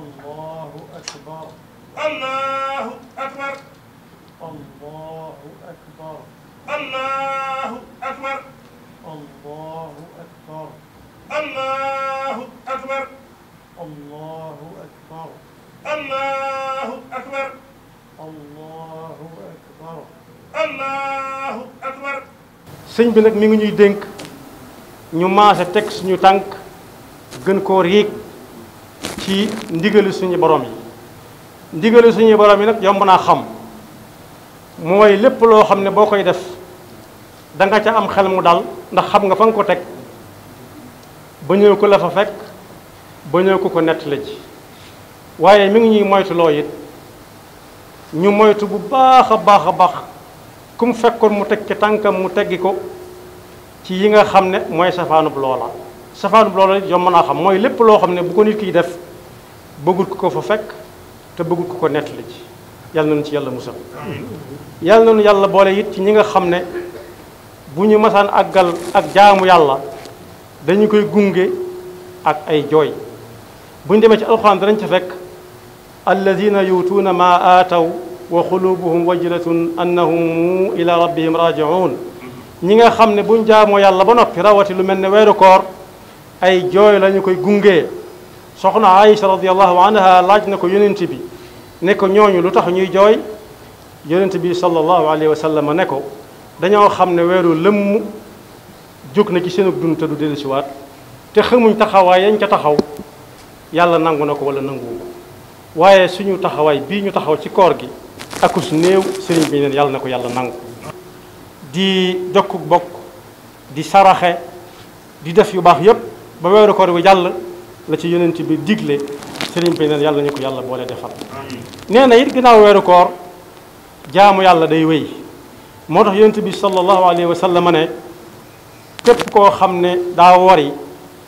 الله أكبر الله أكبر الله أكبر الله أكبر الله أكبر الله أكبر الله أكبر الله أكبر الله أكبر الله أكبر sëñ bi nag mi ngi ñuy dénk ñu maase teg suñu tànk gën koo riig ci ndigali suñu borom yi ndigali suñu borom yi nag yomb naa xam mooy lépp loo xam ne boo koy def danga ca am xel mu dal ndax xam nga fa nga ko teg ba ñëw ko la fa fekk ba ñëw ko ko nettali ji waaye mi ngi ñuy moytu it ñu moytu bu baax a baax a baax ku mu fekkoon mu teg ca tànkam mu teggi ko ci yi nga xam ne mooy safaanub loola safaanub loola it yomb naa xam mooy lépp loo xam ne bu ko nit kiy def bëggul ku ko fa fekk te bëggul ku ko nettali ci yàlla nañu ci yàlla musal yàlla nañu yàlla boole it ci ñi nga xam ne bu ñu masaan àggal ak jaamu yàlla dañu koy gunge ak ay jooy bu ñu demee ci alxuraan danañ ca fekk alladina yuutuuna maa aataw wa xulubuhum wajilatun annahum ila rabbihim rajiun ñi nga xam ne buñ jaamoo yàlla ba noppi rawati lu mel ne weeru koor ay jooy lañu koy gungee soxna aisha radiyallahu anha lajna ko yonent bi ne ko ñooñu lu tax ñuy joy yonent bi sallallahu alayhi wa sallam ne ko dañoo xamne wéru weeru lëmm jóg na ci seen dund te du dellusiwaat te xamuñ taxaway yañ ca taxaw yàlla nangu nako wala nangu ko waaye suñu taxaway bi ñu taxaw ci koor gi akus néew sëriñ bi ñen yàlla nako yàlla nangu di dokku bok di saraxe di def yu bax yépp ba wéru koor bi yalla la ci yonent bi digle sëriñ bi neen yàlla ñu ko yàlla boole defal nee na it ginnaaw weeru koor jaamu yàlla day wéy moo tax yonent bi sallallahu alayhi wa sallam ne képp koo xam ne daa wari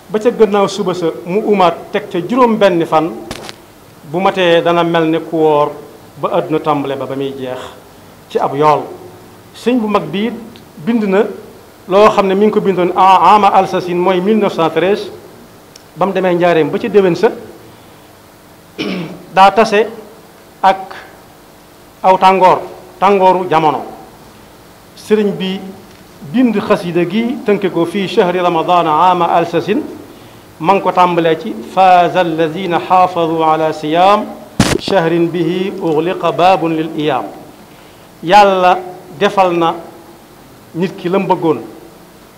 ba ca gannaaw suba sa mu umaat teg ca juróom benn fan bu matee dana mel ne ku woor ba àdduna tàmbale ba ba muy jeex ci ab yool sëñ bu mag bii bind na loo xam ne mi ngi ko bindoon ama alsasin mooy 1913 bam démé ndiarém ba ci déwén sa da tassé ak aw tangor tangoru jamono sëriñ bi bind khasida gi tënke ko fi shahri ramadan aama alsasin ma ngi ko tambalé ci faaza alladina hafadhu ala siyam chahrin bihi ugliqa baabun lil iyaam yàlla defal na nit ki la mu bëggoon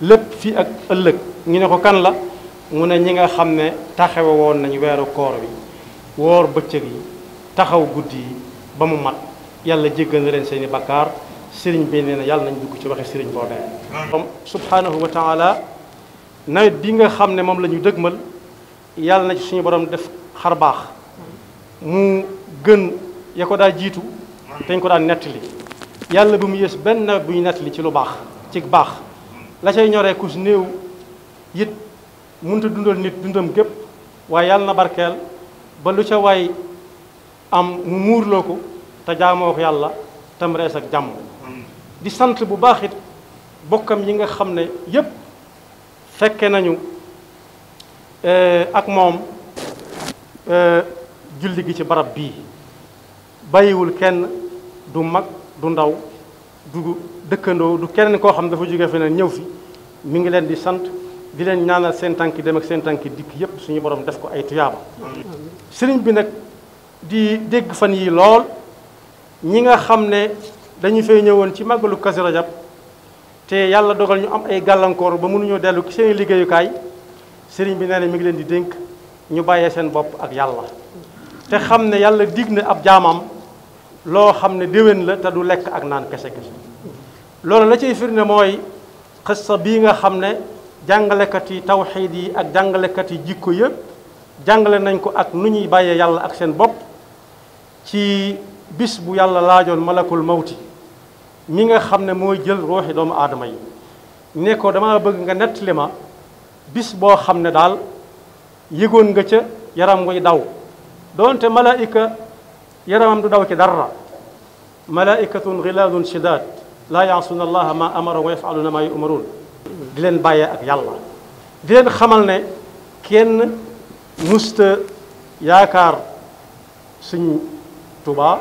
lépp fii ak ëllëg ñu ne ko kan la mu ne ñi nga xam ne taxawe woon nañu weeru koor bi woor bëccëg yi taxaw guddi yi ba mu mat yàlla jéggal na leen seeni bakkaar sëriñ bi nee na yàlla nañ dugg ci waxe sëriñ boobee moom subhaanahu wa taala nawet bi nga xam ne moom la ñu dëgmal yàlla na ci suñu borom def xar baax mu gën ya ko daa jiitu te ñu ko daan nettali yàlla bu mu yées benn nawet bu ñu nettali ci lu baax ci baax la cay ñoree kus néew it mënut a dundal nit dundam gépp waaye yàlla na barkeel ba lu ca waay am mu muurloo ko te jaamoo ko yàlla tam rees ak jàmm di sant bu baax it bokkam yi nga xam ne yépp fekke nañu eh, ak moom eh, julli gi ci barab bii bàyyiwul kenn du mag du ndaw du dëkkandoo du kenn koo xam dafa jóge feneen ñëw fi mu ngi leen di sant di leen ñaanal seen tànki dem ak seen tànki dikk yépp suñu borom def ko ay tuyaaba sëriñ bi nag di dégg fan yi lool ñi nga xam ne dañu fay ñëwoon ci màggalu Kazu Rajab te yàlla dogal ñu am ay gàllankoor ba munuñoo dellu ci seen liggéeyukaay sëriñ bi nee na mi ngi leen di dénk ñu bàyyee seen bopp ak yàlla te xam ne yàlla dig na ab jaamam loo xam ne déwén la te du lekk ak naan kese kese loolu la ciy firnde mooy xissa bii nga xam ne jàngalekat yi tawxiid yi ak jàngalekat yi jikko yeb jàngale nañ ko ak nu ñuy bàyyee yàlla ak seen bop ci bis bu yàlla laajoon malakul mawti mi nga xamne moy jël ruuxi doom adamay ne ko dama bëgg nga nettali bis bo xamne dal yëgoon nga ca yaram way daw donte malaika yaramam du daw ci dara malaayikatun ghiladun shidad la yaasuuna allaha ma amara wa yaf'aluna ma yu'marun di leen bàyyee ak yàlla di leen xamal ne kenn musta yaakaar suñ Tuubaa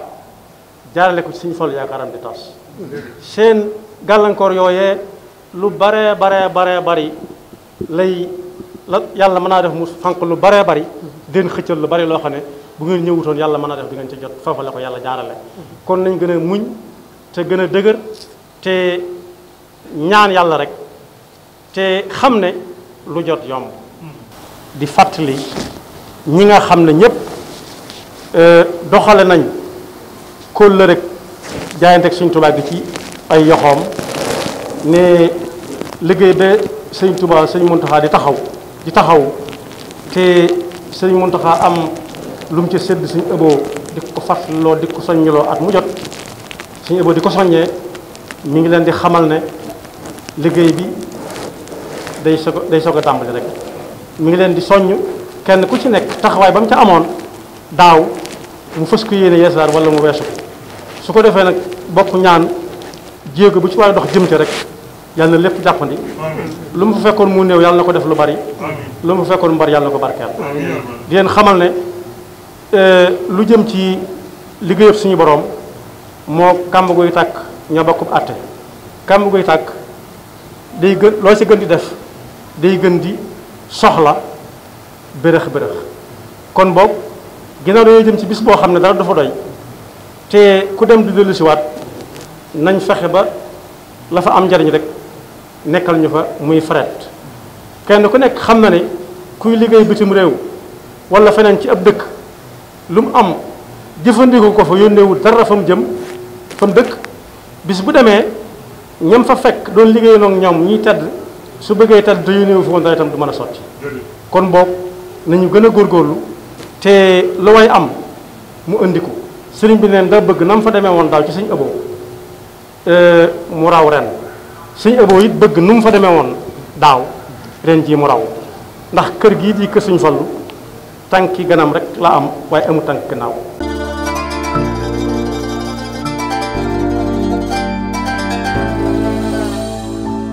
jaarale ko ci suñ fol yaakaaram di tas seen gàllankoor yooyee lu baree bare baree bari lay la yàlla mën naa def mu fanq lu baree bari den xëccal lu bari loo xam ne bu ngeen ñëwutoon yàlla mën naa def di ngeen ci jot foofa ko yàlla jaarale kon nañ gën muñ te gën a dëgër te ñaan yàlla rek te xam ne lu jot yomb di fàttali ñi nga xam ne ñëpp euh, doxale nañ kóllëre rek jaayante ak Sëñ gi ci ay yoxoom ne liggéey ba Sëñ Tuubaa Sëñ Muntaxaa di taxaw di taxaw te Sëñ Muntaxaa am lu mu ci sedd Sëñ Abo di ko fàttaloo di ko soññiloo at mu jot Sëñ Abo di ko soññee mu ngi leen di xamal ne liggéey bi day soog a day soog a tàmbali rek mu ngi leen di soññ kenn ku ci nekk taxawaay ba mu ca amoon daaw mu fës ko yéene yeesaar wala mu weesu su ko defee nag bokk ñaan jéego bu ci war dox jëm ci rek yàlla lépp jàppandi lu mu fa fekkoon mu néew yàlla na ko def lu bari lu mu fa fekkoon mu bari yàlla na ko barkeel di leen xamal ne e, lu jëm ci liggéeyub suñu borom moo kàmb guy tàkk ñoo bokkub àtte kàmb guy tàkk day gën loo ci gën di def day gën di soxla bërëx bërëx kon boog ginnaaw dañoo jëm ci bis boo xam ne dara dafa doy te ku dem di dellu nañ fexe ba la fa am njariñ rek nekkal ñu fa muy fret kenn ku nekk xam na ne kuy liggéey bitim réew wala feneen ci ab dëkk lu mu am jëfandikoo ko fa yónneewul dara fa mu jëm fa mu dëkk bis bu demee ñam fa fekk doon liggéey noog ñoom ñuy tedd su bëggee itam réunion fi woon dara itam du mën a sotti kon boog nañu gën a góorgóorlu te lu way am mu indi ko sëriñ bi neen bëgg na mu fa demee woon daaw ci sëñ ëboo euh, mu raw ren sëñ ëboo it bëgg nu mu fa demee woon daaw ren jii mu raw ndax kër gii di kër suñu fallu tànki ganam rek la am waaye amu tànk gannaaw